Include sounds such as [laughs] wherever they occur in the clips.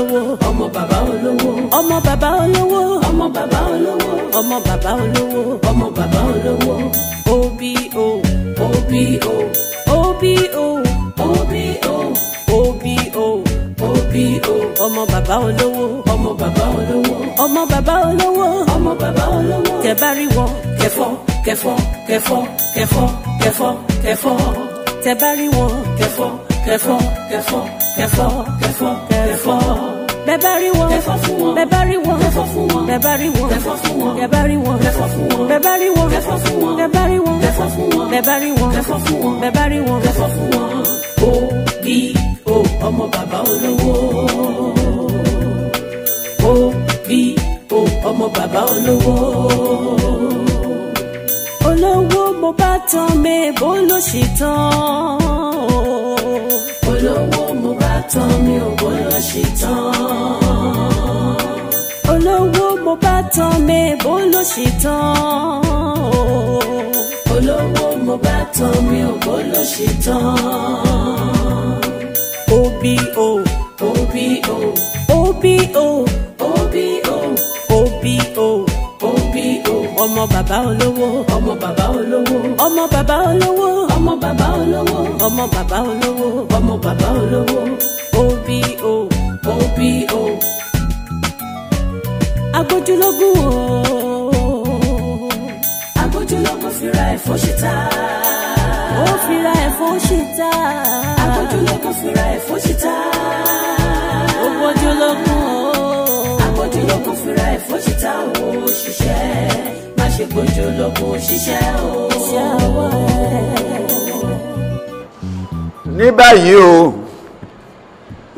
olówó. ọmọ bàbá olówó. ọmọ bàbá olówó. ọmọ bàbá olówó. ọmọ bàbá olówó. ọmọ bàbá olówó. OBO. OBO. OBO. OBO. OBO. OBO. ọmọ bàbá olówó. ọmọ bàbá olówó. ọmọ bàbá olówó. ọmọ bàbá olówó. tẹ́ bá rí wọn kẹfọ kẹfọ kẹfọ kẹfọ kẹfọ kẹfọ tẹ́ bá kẹfọ kẹfọ́ kẹfọ́ kẹfọ́ kẹfọ́ kẹfọ́. Bẹ́ẹ̀ bá rí wọn, kẹfọ́ fún wọn. Bẹ́ẹ̀ bá rí wọn, kẹfọ́ fún wọn. Bẹ́ẹ̀ bá rí wọn, kẹfọ́ fún wọn. Bẹ́ẹ̀ bá rí wọn, kẹfọ́ fún wọn. Bẹ́ẹ̀ bá rí wọn, kẹfọ́ fún wọn. Bẹ́ẹ̀ bá rí wọn, kẹfọ́ fún wọn. Bẹ́ẹ̀ bá rí wọn, kẹfọ́ fún wọn. Bẹ́ẹ̀ bá rí wọn, kẹfọ́ fún wọn. O bí o ọmọ bàbá olówó. O bí o ọmọ bàbá olówó. Olówó mo bá tán mẹ́ bó ló ṣe tán. olówó mo bá tán mi bó ló ṣe tán. olówó mo bá tán mẹ́ bó ló ṣe tán. olówó mo bá tán mi bó ló ṣe tán. OBO OBO OBO OBO ọmọ bàbá olówó ọmọ bàbá olówó ọmọ bàbá olówó ọmọ bàbá olówó ọmọ bàbá olówó ọmọ bàbá olówó OBO OBO agbójúlógún o agbójúlógún fira ẹ̀fọ́ ṣìta ó fira ẹ̀fọ́ ṣìta agbójúlógún fira ẹ̀fọ́ ṣìta ó gbójúlógún o agbójúlógún fira ẹ̀fọ́ ṣìta ó ṣiṣẹ́ ṣe gbójú lóko ṣiṣẹ́ o. ní báyìí o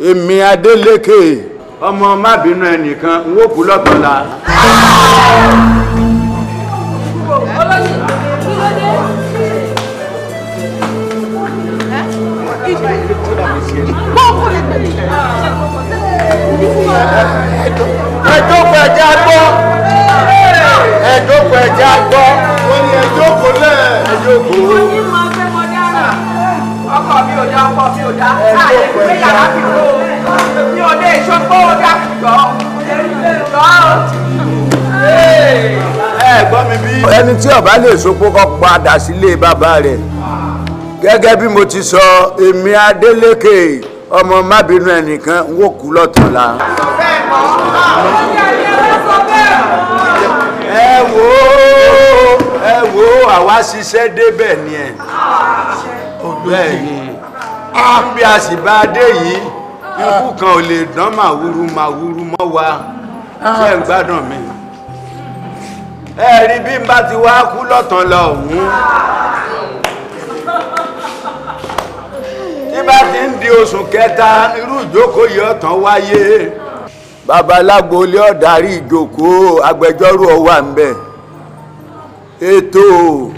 èmi Adélékè ọmọ má bínú ẹnìkan n ó kú lọ́tọ̀ọ̀la. ẹ jẹ́ àgbọ̀. ẹ̀dọ́kọ̀ ẹ̀jẹ̀ agbọ́. ó ní ẹ̀dọ́kọ̀ lẹ̀. ẹ̀dọ́kọ̀. ó ní mọ pé mo dára ọkọ mi ò dá ọkọ mi ò dá àyè mi ò dá ẹ mo ti sọ èmi Adeleke ọmọ mabinu ẹnìkan àwa ṣiṣẹ́ débẹ̀ ni ẹ̀ bẹ́ẹ̀ ni bí a sì bá dé yìí ikú kan ò lè dán màwúrú màwúrú mọ́ wa ṣe ń gbádùn mi ẹ rí bí n bá ti wá kú lọ́tàn lọ òun tí bá ti ń di oṣù kẹta irú ìjókòó yìí ọ̀tàn wáyé babaláwo lé ọ̀darí ìjókòó agbẹjọ́rò ọwà ń bẹ̀ ètò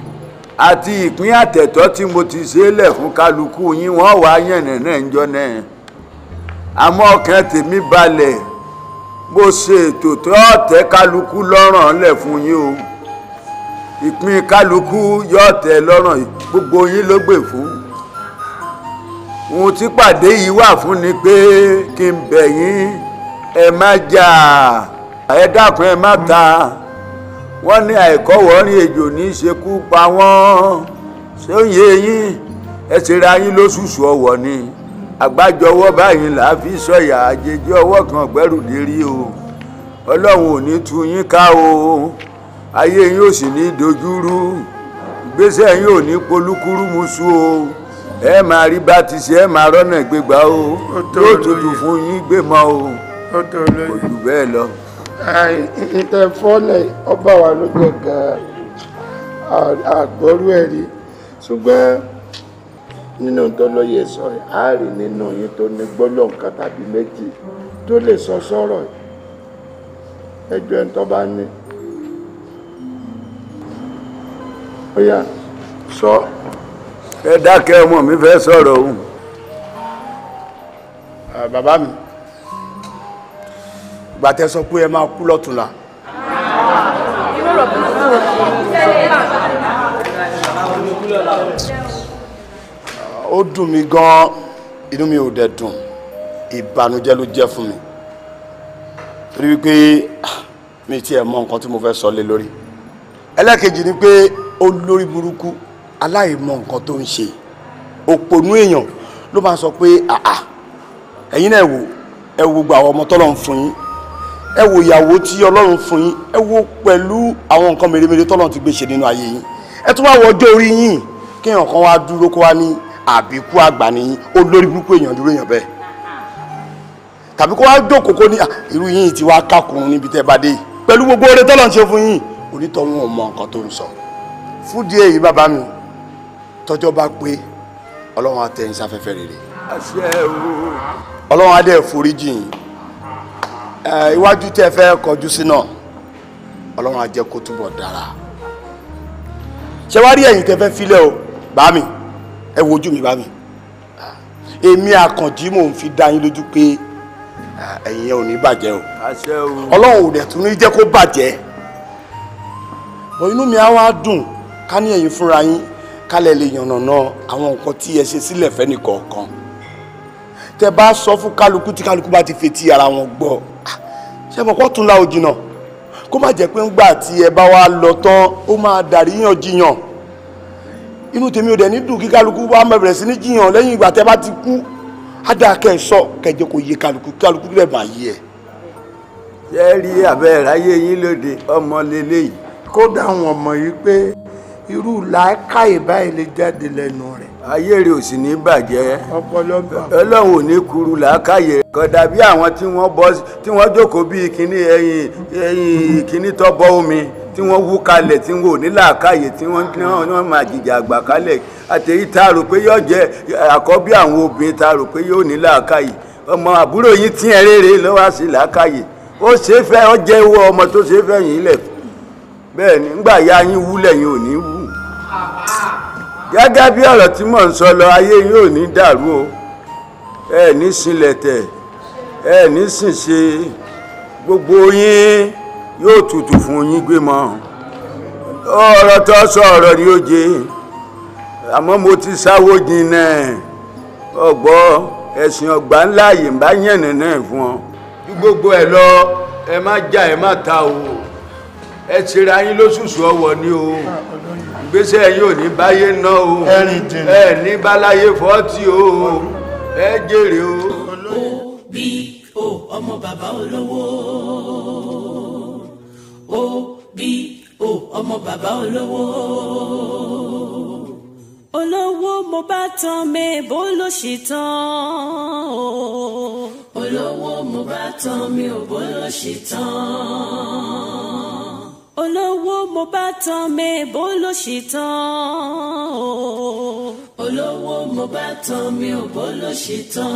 àti ìpín àtẹ̀tọ́ tí mo ti ṣe lẹ̀ fún kálukú yín wọ́n wá yẹ̀nẹ̀ náà ń jọ náà àmọ́ ọkàn tèmi balẹ̀ mo ṣe ètò tó ọ̀tẹ́ kálukú lọ́rùn lẹ̀ fún yín o ìpín kálukú yóò tẹ́ lọ́rùn gbogbo yín ló gbè fún ohun tí pàdé yìí wà fún ni pé kí n bẹ̀ yín ẹ má jà ẹ dákun ẹ má ta. Mm -hmm wọ́n ní àìkọ́wọ́rin ejò ní í ṣekú pa wọ́n ṣé ó yé yín ẹ ra yín lóṣooṣù ọwọ́ ni àgbájọwọ́ báyìí là á fi sọ̀yà àjèjì ọwọ́ kan gbẹ́rù lérí o ọlọ́run ò ní tú yín ká o ayé yín ò sì ní dojúrú ìgbésẹ̀ yín ò ní polúkúrúmuṣu o ẹ máa rí bá ti ṣe ẹ máa rọ́nà gbégbá o yóò tutù fún yín gbémọ o kò jù bẹ́ẹ̀ lọ ìtẹ̀fọ́lẹ̀ ọba wa ló jẹ gan-an àgbọ́rú ẹ̀ rí ṣùgbọ́n nínú tó lóye sọ á rí nínú yín tó ní gbọ́lọ̀ nǹkan tàbí méjì tó lè sọ sọ̀rọ̀ ẹjọ́ ẹ̀ tó bá ní. ó sọ. ẹ dákẹ́ ọmọ mi fẹ́ sọ̀rọ̀ òun. bàbá mi ìgbà tẹ́ sọ pé ẹ máa kú lọ́tùnla ó dùn mí gan inú mi ò dẹ̀ dùn ìbànújẹ́ ló jẹ́ fún mi torí wípé ah, mi tiẹ̀ mọ nǹkan tí mo fẹ́ sọ lé lórí ẹlẹ́kejì ni pé olórí burúkú aláìmọ nǹkan tó ń ṣe òpònú èèyàn ló máa sọ pé àà ẹ̀yin náà ẹ wò ẹ wo gbogbo àwọn ọmọ tọ́lọ́ ń fún yín ẹ wo ìyàwó tí ọlọ́run fún yín ẹ wo pẹ̀lú àwọn nǹkan mèremère tọ́lọ́run ti gbé ṣe nínú ayé yín ẹ tún wá wọ ọjọ́ orí yín kéèyàn kan wá dúró kó wá ní àbíkú àgbà nìyí olórí burúkú èèyàn dúró èèyàn bẹ́ẹ̀ tàbí kó wá jókòó kó ní irú yín ti wá kákùnrin níbi tẹ́ bá dé yìí pẹ̀lú gbogbo oore tọ́lọ́run ṣe fún yín onítọ̀hún ò nǹkan tó ń sọ fún díẹ̀ yìí bàbá mi tọ́jọ́ bá pé ọlọ́run á tẹ́ yín sáfẹ́fẹ́ rere ọlọ́run á dẹ̀ foríjì yín iwájú tí ẹ fẹ́ kọjú sí náà ọlọ́run á jẹ́ kó túbọ̀ dára ṣé wá rí ẹ̀yìn tẹ́ fẹ́ filẹ̀ o bá mi ẹ wojú mi bá mi èmi àkànjí mò ń fi dá yín lójú pé ẹ̀yìn yẹn ò ní bàjẹ́ o ọlọ́run ò dẹ̀ tún ní jẹ́ kó bàjẹ́ bọ́ inú mi á wá dùn ká ní ẹ̀yin fúnra yín kálẹ̀ lè yànnàná àwọn nǹkan tí ẹ ṣe sílẹ̀ fẹ́ nìkọ̀ọ̀kan tẹ bá sọ fún kálukú tí kálukú bá ti fetí ara wọn gbọ́ ṣe mọ̀ kó tún la òjì náà kó má jẹ́ pé ńgbà tí ẹ bá wá lọ tán ó máa dàríyàn jiyàn inú tèmi ò dẹ̀ ní dùn kí kálukú wá mẹ̀rẹ̀ sí ní jiyàn lẹ́yìn ìgbà tẹ bá ti kú ádá kẹsọ kẹjọ kò yé kálukú kálukú lè bá yé ṣé rí abẹ́ ráyé yín lóde ọmọ lélẹ́yìí kódà àwọn ọmọ yìí pé irú làákàyè báyìí lè jáde lẹ́nu rẹ̀ ayé rẹ ò sì ní bàjẹ́ ọlọ́run ò ní kuru làákàyè kọ̀dà bí àwọn tí wọ́n bọ́ tí wọ́n jókòó bíi kíní ẹyin ẹyin kíní tó bọ́ omi tí wọ́n wú kalẹ̀ tí wọ́n ò ní làákàyè tí wọ́n ní máa jìjà àgbà kalẹ̀ àtẹ̀yí tá a rò pé yóò jẹ́ àkọ́bí àwọn obìnrin tá a rò pé yóò ní làákàyè ọmọ àbúrò yín tí ẹ rere lọ́wọ́ sí làákàyè ó ṣe é fẹ́ ọ jẹ́ owó ọmọ tó ṣe é fẹ́ yín lẹ̀ bẹ́ẹ̀ ni ńgbà ya yín wú gẹ́gẹ́ bí ọ̀rọ̀ tí mò ń sọ lọ ayé yín ò ní dàrú o ẹ ní sinlẹ̀tẹ̀ ẹ ní sìnṣe gbogbo yín yóò tutù fún yín gbé mọ́ ọ̀rọ̀ tó sọ ọ̀rọ̀ ni ó jẹ àmọ́ mo ti sáwó jinlẹ̀ ọ̀gbọ́ ẹ̀sìn ọ̀gbà ńlá yìí ń bá yẹ̀nì náà fún ọ. bí gbogbo ẹ lọ ẹ má jà ẹ má ta o ẹ tira yín lóṣooṣù ọwọ ni o. Ah, ìgbésẹ̀ yóò ní báyé ná o ẹ ní báláyé fọ́tì o ẹ jèrè o. òbí o ọmọ bàbá olówó òbí o ọmọ bàbá olówó olówó mo bá tán mẹ́ẹ̀bó ló ṣì tán o. olówó mo bá tán mi bó ló ṣì tán olówó mo bá tán mẹ́ bó ló ṣe tán o. olówó mo bá tán mi ò bó ló ṣe tán.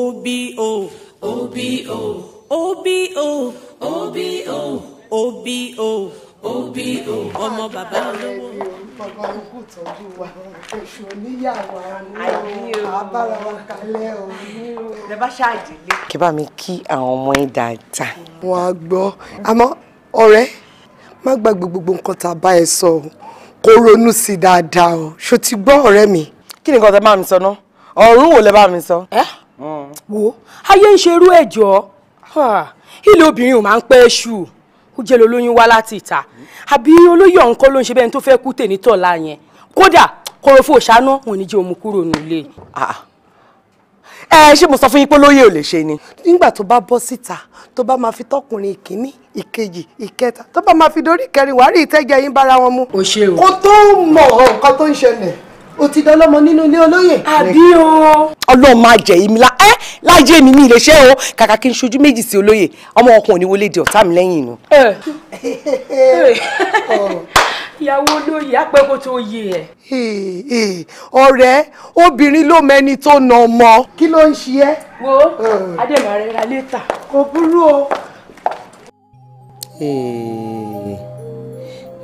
obi o. obi o. obi o. obi o. obi o. obi o. ọmọ bàbá olówó gbọ̀ngàn ikú tọ́jú wa oṣù oníyàwó ni abára wa kalẹ̀ o. lè bá ṣáàjì lé. mi kí àwọn ọmọ yín dáadáa. wọn á gbọ́ àmọ́ ọ̀rẹ́ má gbàgbé gbogbo nǹkan tá a bá ẹ sọ o kó ronú sí i dáadáa o ṣó ti gbọ́ ọ̀rẹ́ mi. kí ni nǹkan tẹ bá mi sọ náà ọ̀run wo lẹ bá mi sọ. ẹ mm. wo ayé ń ṣerú ẹ̀jọ́ ilé obìnrin ò máa ń pẹ́ ṣù kó jẹ́ lolóyún wá láti ìta àbí olóyè ọ̀hún kọ́ ló ń ṣe bẹ́ẹ̀ tó fẹ́ kú tèmi tọ̀la yẹn kódà korofo ṣáná wọn ò ní jẹ́ òun kúrò nílé. ẹ ah, ah. eh, ṣé mo sọ fún yín pé olóyè ò lè ṣe ni nígbà tó bá bọ́ síta tó bá máa fi tọkùnrin ìkíní ìkejì ìkẹta tó bá máa fi dorí ìkẹrin wàá rí ìtẹ́jẹ́ yín bára wọn mu kó tó mọ̀ nǹkan tó ń ṣẹlẹ̀ o ti dọlọ́mọ nínú ilé olóyè. àbí o. ọlọ́run máa jẹ mi la ẹ láyé mi mi ilé o kàkà kí n ṣojú méjì sí olóyè ọmọ ọkùnrin ò ní wọlé di ọ̀tá mi lẹ́yìn inú. [laughs] Oh. ìyàwó olóyè apẹ́kọ̀ tó yé ẹ. ọ̀rẹ́ obìnrin ló mẹni tó nà ọmọ. kí ló ń ṣe ẹ́. wo oh. adémọ̀rẹ́ ra lẹ́tà. kò burú o.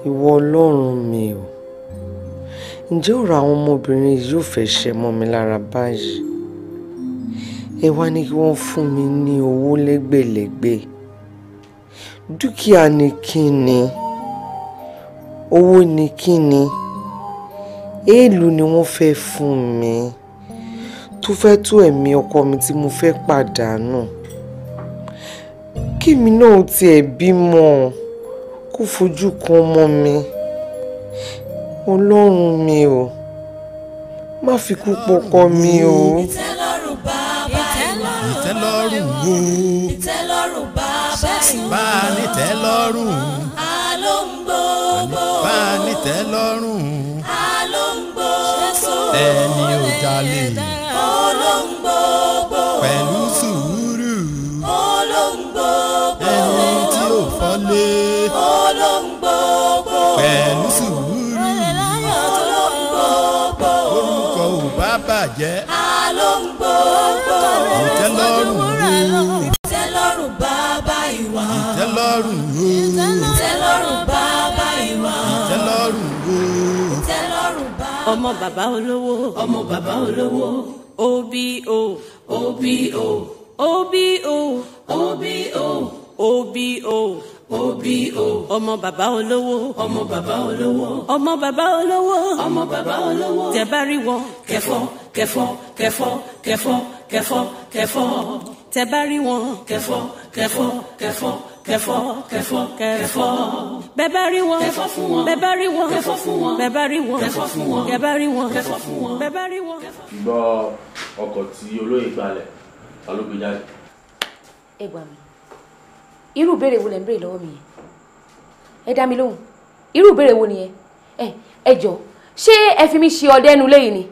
ìwọ ọlọ́run mi o ǹjẹ́ ọ̀rọ̀ àwọn ọmọbìnrin yìí yóò fẹ́ ṣẹ mọ́ mi lára báyìí ẹ wá ní kí wọ́n fún mi ní owó lẹ́gbẹ̀lẹ́gbẹ̀ dúkìá ni kí ni owó ni kí ni èèlù ni wọ́n fẹ́ fún mi tó fẹ́ tó ẹ̀mí ọkọ mi tí mo fẹ́ pàdánù kí mi náà tiẹ̀ bímọ kó fojú kan mọ́ mi ọlọ́run mi o má fi kú pọkọ mi o. ìtẹ́lọ́rùn bàbá ìtẹ́lọ́rùn o ìtẹ́lọ́rùn bàbá ìwọ nítẹ́lọ́rùn àlọ́ ń gbogbo bá nítẹ́lọ́rùn àlọ́ ń gbogbo ẹni ò jalè ọlọ́ pẹ̀lú sùúrù ẹni tí ò fọ́lé. ọmọ bàbá olówó ọmọ bàbá olówó OBO OBO OBO OBO OBO OBO ọmọ bàbá olówó ọmọ bàbá olówó ọmọ bàbá olówó ọmọ bàbá olówó tẹ́ bá rí wọn kẹfọ kẹfọ kẹfọ kẹfọ kẹfọ kẹfọ tẹ́ bá rí wọn kẹfọ kẹfọ kẹfọ. bẹbẹ rí wọn kẹfọ fún wọn bẹbẹ rí wọn kẹfọ fún wọn bẹbẹ rí wọn kẹfọ fún wọn bẹbẹ rí wọn kẹfọ fún wọn bẹbẹ rí wọn. gbọ́ ọkọ̀ tí olóyè gbalẹ̀ ta ló gbé jáde. ẹ gbà mí irú ìbéèrè wo lẹ ń béèrè lọ́wọ́ mi yẹn ẹ dá mi lóhùn irú ìbéèrè wo nìyẹn ẹ ẹ jọ̀ọ́ ṣé ẹ fi mi ṣe ọdẹ ẹnu lẹ́yìn ni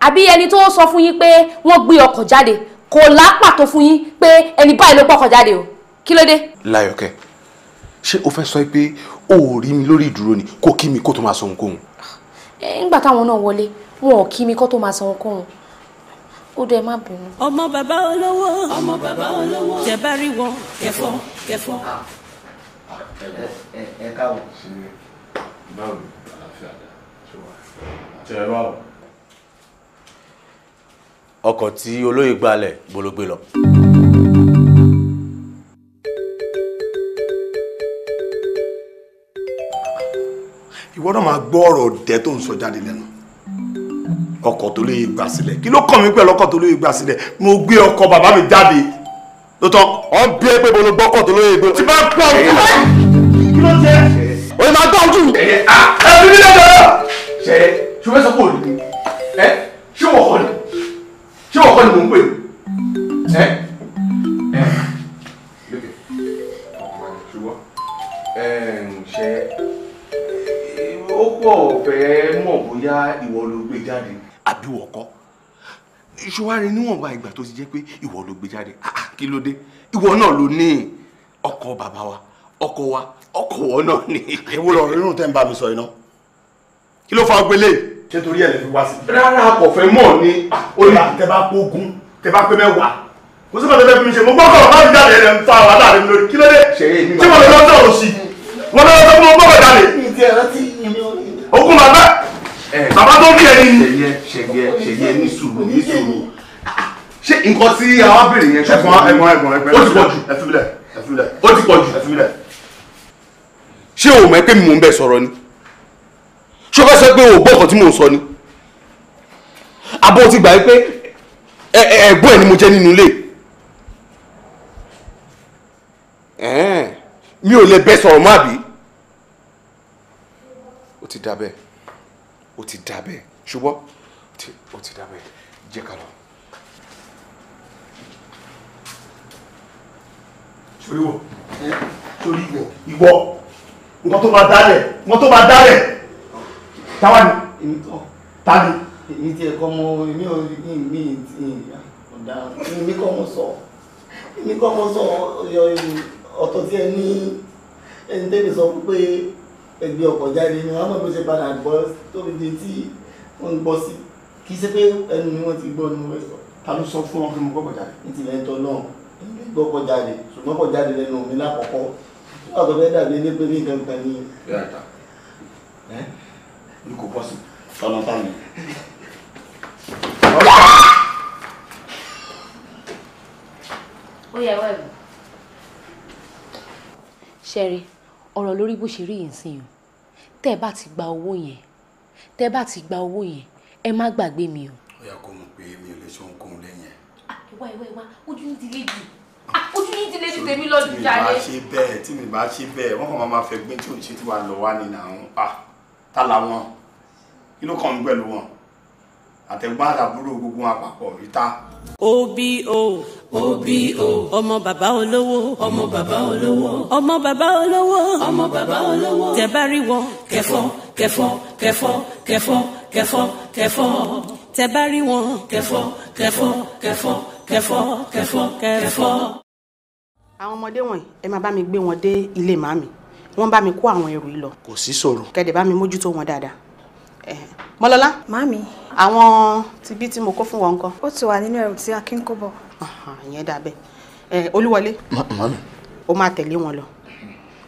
àbí ẹni tó sọ fún yín pé wọ́n gbé ọkọ̀ jáde kò lápàtó fún yín pé ẹni báyìí ló gbọ́kọ̀ jáde o kí ló dé. láyọ̀kẹ́ ṣé o fẹ́ sọ pé o ò rí mi lórí ìdúró ni kò kí mi kó tó máa sọ ohunkóhun. nígbà táwọn náà wọlé wọn ò kí mi kó tó máa sọ ohunkóhun ó dẹ má bínú. ọmọ bàbá olówó ọmọ bàbá olówó tẹ bá rí wọn kẹfọ kẹfọ. Ah. ẹ ẹ káwọ. báwo ni àlàáfíà dá ṣé wà á tẹ ọkọ̀ tí olóyè gbalẹ̀ gbológbé lọ. ìwọ náà máa gbọ́ ọ̀rọ̀ ọ̀dẹ́ tó ń sọ jáde lẹ́nu ọkọ̀ tó lè gbà sílẹ̀ kí ló kàn mí pẹ̀lú ọkọ̀ tó lè gbà sílẹ̀ mo gbé ọkọ̀ bàbá mi jáde ló tán. ọ ń bí ẹgbẹ́ bolo gbọ́kọ̀ tó lè gbé. tí bá pọ̀ kí ló jẹ́. òyìnbó àgbà ojú. ẹ ẹ ẹ ẹ ẹ ṣó wá rí níwọ̀nba ìgbà tó ti jẹ́ pé ìwọ ló gbé jáde ah, ah, kí ló dé ìwọ náà ló ní ọkọ bàbá wa ọkọ wa ọkọ wọ náà ni. ewu lọ rírun tẹ́ ń bá mi sọ iná kí ló fa gbélé. ṣé torí ẹ̀ lè fi wá sí. rárá kò fẹ́ mọ̀ ni. Ah, ó lè tẹ bá pé ogún tẹ bá pé mẹ́wàá kò sí pàtẹ́fẹ́ fi mi ṣe mo gbọ́dọ̀ má fi jáde rẹ̀ ń fa wàhálà rẹ̀ mi lórí kí ló dé. ṣé wọn lọ sọ̀rọ̀ sí wọn lọ sọ fún mi mo gbọ́dọ̀ jáde. ogun bàbá Eh. bàbá tó bí ẹni. ṣèyẹ ṣèyẹ ṣèyẹ ní sùúrù ní sùúrù ṣé nǹkan tí àwa béèrè yẹn ṣe fún ẹ̀gbọ́n ẹ̀gbọ́n ẹgbẹ ó ti pọ̀ jù ẹ fi bílẹ̀ ẹ fi bílẹ̀ ó ti pọ̀ jù ẹ fi bílẹ̀. ṣé o mọ̀ pé mi mò ń bẹ sọ̀rọ̀ ni ṣé o fẹ́ sọ pé o gbọ́ ọ̀kan tí mò ń sọ ni àbọ̀ ti gbà pé ẹ̀gbọ́n ẹ̀ ni mo jẹ́ nínú ilé mi ò lè bẹ sọ̀rọ̀ mọ́ àbí ó ti dà bẹ́ẹ̀ ó ti dà bẹ́ẹ̀ ṣùgbọ́n ó ti dà bẹ́ẹ̀ jẹ́ ká lọ. sori wọ sori wọ ìwọ nǹkan tó máa dálẹ̀ nǹkan tó máa dálẹ̀ táwa ni èmi tọ́ ta ni. èmi tiẹ̀ kọ́ mọ èmi ò rí mi mi ọ̀dà èmi kọ́ mọ sọ èmi kọ́ mọ sọ ọ̀tọ̀ tí ẹ ní ẹni tẹ́lẹ̀ sọ pé ẹgbẹ́ ọkọ̀ jáde ni wọ́n á mọ̀ bó ṣe padà gbọ́ tóbi di tí wọ́n ń gbọ́ sí kì í ṣe pé ẹnu ni wọ́n ti gbọ́ ni mo fẹ́ sọ. ta ló sọ fún ọ pé mo gbọ́kọ̀ jáde. ní tilẹ̀ ń tọ́ náà ẹgbẹ́ gbọ́kọ̀ jáde ṣùgbọ́n kọ̀ jáde lẹ́nu mi lákọ̀ọ́kọ́ ọ̀gọ̀ fẹ́ dàbí ilé pé ní nǹkan kan ní. bí ó yẹ wẹ́ẹ̀bù. ṣẹ́rí ọ̀rọ̀ lórí bó ṣe rí yẹn sí yẹn tẹ́ ẹ bá ti gba owó yẹn tẹ́ ẹ bá ti gba owó yẹn ẹ má gbàgbé mi o. ó yà kó mọ̀ pé mi ò lè ṣe ohunkóhun lẹ́yìn ẹ̀. àwa ìwé wa ojú ní ilé jù ah, ojú ní ilé jù tèmi lọ́dún jáde. tí mi bá ṣe bẹ́ẹ̀ tí mi bá ṣe bẹ́ẹ̀ wọ́n kàn máa fẹ́ gbé tí òṣèlú wa lọ wá nínú àwọn tá làwọn kí ló ń pẹ̀lú wọn àtẹ̀gbọ́n àtàbúrò gbogbo àpapọ̀ ìta. òbí o òbí o ọmọ bàbá olówó ọmọ bàbá olówó ọmọ bàbá olówó ọmọ bàbá olówó tẹ́ bá rí wọn kẹfọ́ kẹfọ́ kẹfọ́ kẹfọ́ kẹfọ́ kẹfọ́ tẹ́ bá rí wọn kẹfọ́ kẹfọ́ kẹfọ́ àwọn ọmọdé wọ̀nyí ẹ máa bá mi gbé wọn dé ilé màmí wọ́n bá mi kó àwọn ẹrù yìí lọ. kò sí ṣòro. kẹ́dẹ̀ bá mi mójútó wọn dáadáa. Eh, mọlọlá. màmí. àwọn tibí tí mo kó fún wọn kan. ó ti wà nínú ẹrù tí akin kó bọ̀. ìyẹn dà bẹ́ẹ̀ eh, olúwọlé. màmí. ó máa tẹ̀lé wọn lọ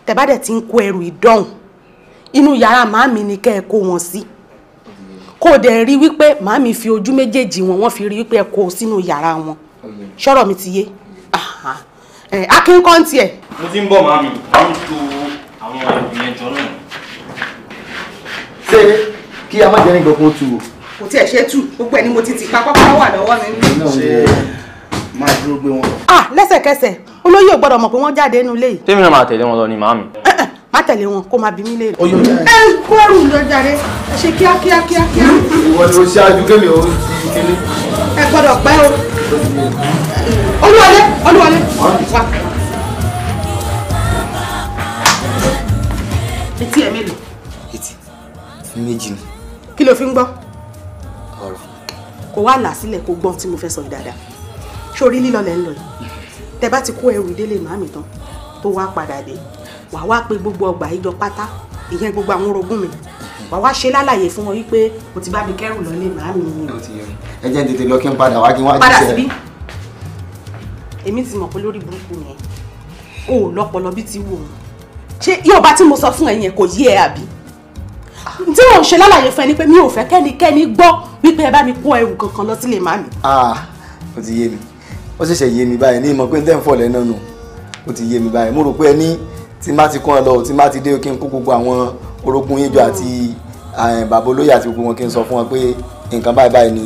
tẹ́ bá dẹ̀ ti ń kó ẹrù ìdọ́hùn inú yàrá màmí ni kẹ́ ẹ kó wọn sí kó o dẹ̀ rí wípé màmí fi ojú méjèèjì wọn wọ́n fi rí wípé ẹ kó o sínú yàrá wọn ṣọ́rọ̀ mi ti yé eh, akin kan tiẹ̀. mo ti ń bọ̀ màmí mo ń to àwọn ẹrù yẹn jọ náà kí a má jẹ́ nìkan kan tu o. kò tí ẹ̀ ṣe tù gbogbo ẹ̀ ni mo ti ti pa pápá wà lọ́wọ́ mi. máa dúró gbé wọn. ah lẹ́sẹ̀kẹsẹ̀ olóyè ò gbọ́dọ̀ mọ̀ pé wọ́n jáde nínú ilé yìí. tèmi náà máa tẹ̀lé wọn lọ ni màámi. má tẹ̀lé wọn kó máa bí mí léèrè. oyún jáde. ẹ kúrò lọ jáde ẹ ṣe kíá kíá kíá kíá. ìwọ ni o ṣáájú kémi o ti kíní. ẹ gbọ́dọ̀ pẹ́ o. olúwalé olúwalé etí ẹ̀ mélòó. etí méjì ni kí ló fi ń gbọ́. ọ̀rọ̀. kò wá là sílẹ̀ kó gbọ́n tí mo fẹ́ sọ yìí dáadáa sórí lílọ́lẹ̀ ń lọ yìí tẹ bá ti kó ẹrù ìdílé màmí tán tó wá padà dé wà wá pé gbogbo ọgbà ìjọ pátá ìyẹn gbogbo àwọn orogún mi wà wá ṣe lálàyé fún wọn wípé mo ti bá mi kẹrù lọlé màmí mi. ẹ jẹ́ tètè lọ kí n padà wá kí n wá jíṣẹ́. padà síbí èmi ti mọ̀ pé lórí burúkú yẹn o ò lọ́pọlọ bí ti wù ú ṣé yóò bá tí mo sọ fún ẹ yẹn kò yé ẹ àbí tí mò ń ṣe lálàyé fún ẹ ni pé mi ò fẹ́ kẹ́nikẹ́ni gbọ́ wípé ẹ bá mi kó ẹrù kankan lọ sílé màmí. ah ó ti yé mi ó ṣẹ̀ṣẹ̀ yé mi báyìí ní ìmọ̀ pé tẹ́ ń fọ̀ lẹ́nu nù ó ti yé mi báyìí mo rò pé ẹ ní tí má ti kún ẹ lọ tí má ti dé kí n kó gbogbo àwọn orogún yín jọ àti eh, bàbá olóyè àti gbogbo wọn kí n sọ fún wọn pé nǹkan báyìí báyìí ni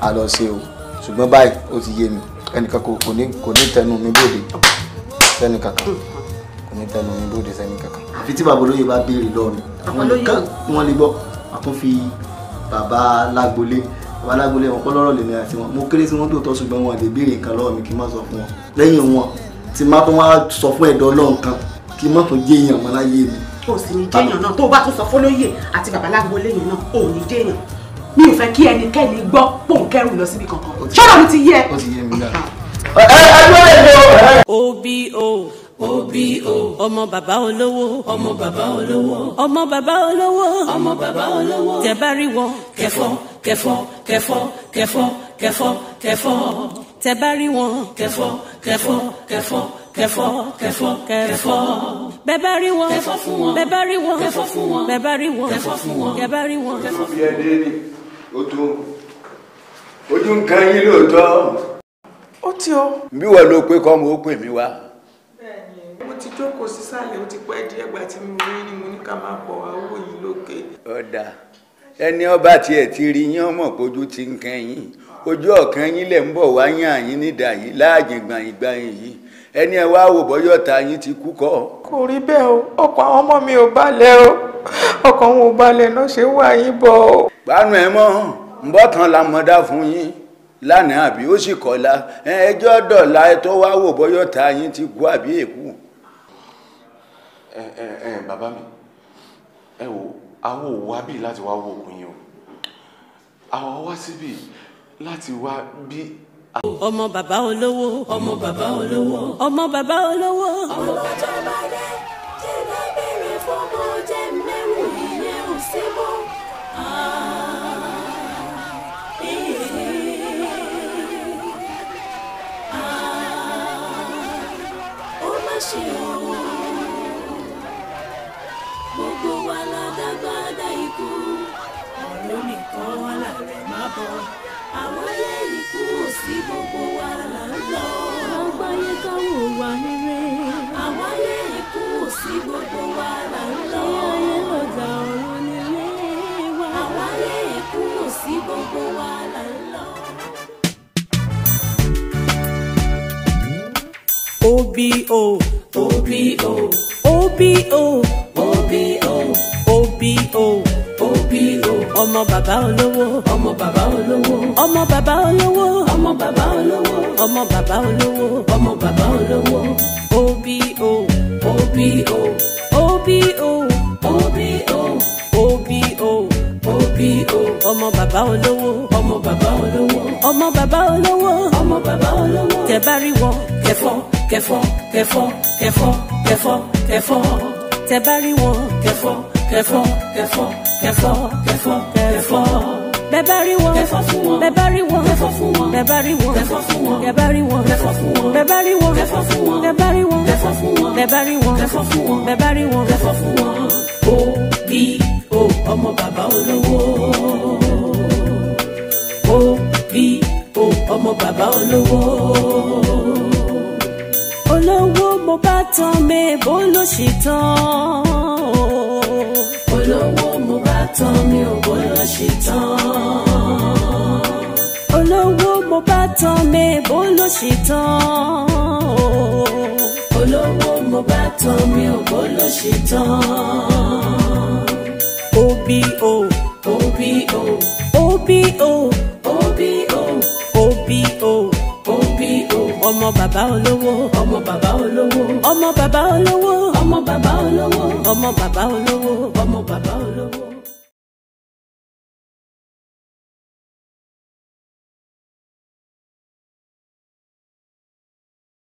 a lọ ṣe o ṣùgbọ́n báyìí ó ti yé mi ẹnìkan kò ní tẹnu mi bòde tẹnìkan ní bóde sẹ́ni kankan. àfi tí bàbá olóyè bá béèrè lọ́rùn àwọn nìkan wọn lè gbọ́ àtún fi bàbá lágbolé bàbá lágbolé wọn kọ́ lọ́rọ̀ lèmi àti wọn mo kéré sí wọn tòótọ́ ṣùgbọ́n wọn lè béèrè nǹkan lọ́wọ́ mi kí n má sọ fún wọn lẹ́yìn wọn tí má tó wá sọ fún ẹ̀dọ́ ọlọ́run kan kí n má tó jẹ́ èèyàn mọ́ láyé mi. o sì ní déèyàn náà tó o bá tún sọ fọlóyè àti bàbá lágbolé yẹn náà ò ní déèyàn mi ò fẹ́ kí ẹnikẹ́ni gbọ́ OBO. ọmọ bàbá olówó. ọmọ bàbá olówó. ọmọ bàbá olówó. ọmọ bàbá olówó. tẹ́ bá rí wọn. kẹfọ kẹfọ kẹfọ kẹfọ kẹfọ kẹfọ. tẹ́ bá rí wọn. kẹfọ kẹfọ kẹfọ kẹfọ kẹfọ kẹfọ. bẹ́ẹ̀ bá rí wọn. kẹfọ fún wọn. bẹ́ẹ̀ bá rí wọn. kẹfọ fún wọn. bẹ́ẹ̀ bá kẹfọ fún wọn. bẹ́ẹ̀ bá kẹfọ fún wọn. ojú ń kan yín lóòótọ́. ó ti o. bí wọ́n ló pé kọ́ mo pè mí wá jókòó sísàlẹ̀ ó ti pẹ́ díẹ̀ gbà tí mo rí ni mo ní ká máa bọ̀ wá wò lókè. ọ̀dà ẹni ọba tiẹ̀ ti rí yín ọmọ pójú ti ń kan yín ojú ọ̀kan yín lẹ̀ ń bọ̀ wá yín àyín nídà yìí láàjìn gbàyìn gbàyìn yìí ẹni ẹ wá wò bọ́yọ̀ ta yín ti kú kọ́. kò rí bẹ́ẹ̀ o ọkọ̀ àwọn ọmọ mi ò balẹ̀ o ọkọ̀ wọn ò balẹ̀ náà ṣe wà yín bọ̀ o. panu ẹ mọ nbọtan la mọdá fún yín lánàá àbí ó sì kọlá ẹjọ́ dọ̀la ẹ tó wá wò bọ́yọ̀ ta yín ti kú àbí èkú ẹ ẹ ẹ bàbá mi ẹ wò àwọn ò wá bí láti wá wo òkun yìí o àwọn wá síbí láti wá bí ọmọ bàbá olówó ọmọ bàbá olówó ọmọ bàbá olówó. ọmọ bàbá olówó jẹ́ lábẹ́rẹ́ fọ́mọ jẹ́ mẹ́rù ìyẹn ò síbò. káàbọ̀ àwọn eléyìí kú sí gbogbo wa là ń lọ. àgbáyé káwọ wà rere. àwọn eléyìí kú sí gbogbo wa là ń lọ. ayé lọ́jà ọ̀run nílé wa. àwọn eléyìí kú sí gbogbo wa là ń lọ. OBO OBO OBO OBO OBO pilo. ọmọ bàbá olówó. ọmọ bàbá olówó. ọmọ bàbá olówó. ọmọ bàbá olówó. ọmọ bàbá olówó. ọmọ bàbá olówó. obo obo obo obo obo obo ọmọ bàbá olówó. ọmọ bàbá olówó. ọmọ bàbá olówó. ọmọ bàbá olówó. tẹ bá rí wọn kẹfọ kẹfọ kẹfọ kẹfọ kẹfọ kẹfọ tẹ bá kẹfọ kẹfọ́ kẹfọ́ kẹfọ́ kẹfọ́ kẹfọ́. Bẹ́ẹ̀ bá rí wọn, bẹ́ẹ̀ bá rí wọn, bẹ́ẹ̀ bá rí wọn, bẹ́ẹ̀ bá rí O bí o ọmọ bàbá olówó. O bí o ọmọ bàbá olówó. Olówó mo bá tán mẹ́ bó ló ṣe tán tán mi ò gbọ́dọ̀ ṣe tán. olówó mo bá tán mi bó ló ṣe tán. olówó mo bá tán mi ò gbọ́dọ̀ ṣe tán. obi o. obi o. obi o. obi o. obi o. obi o. ọmọ bàbá olówó. ọmọ bàbá olówó. ọmọ bàbá olówó. ọmọ bàbá olówó. ọmọ bàbá olówó. ọmọ bàbá olówó.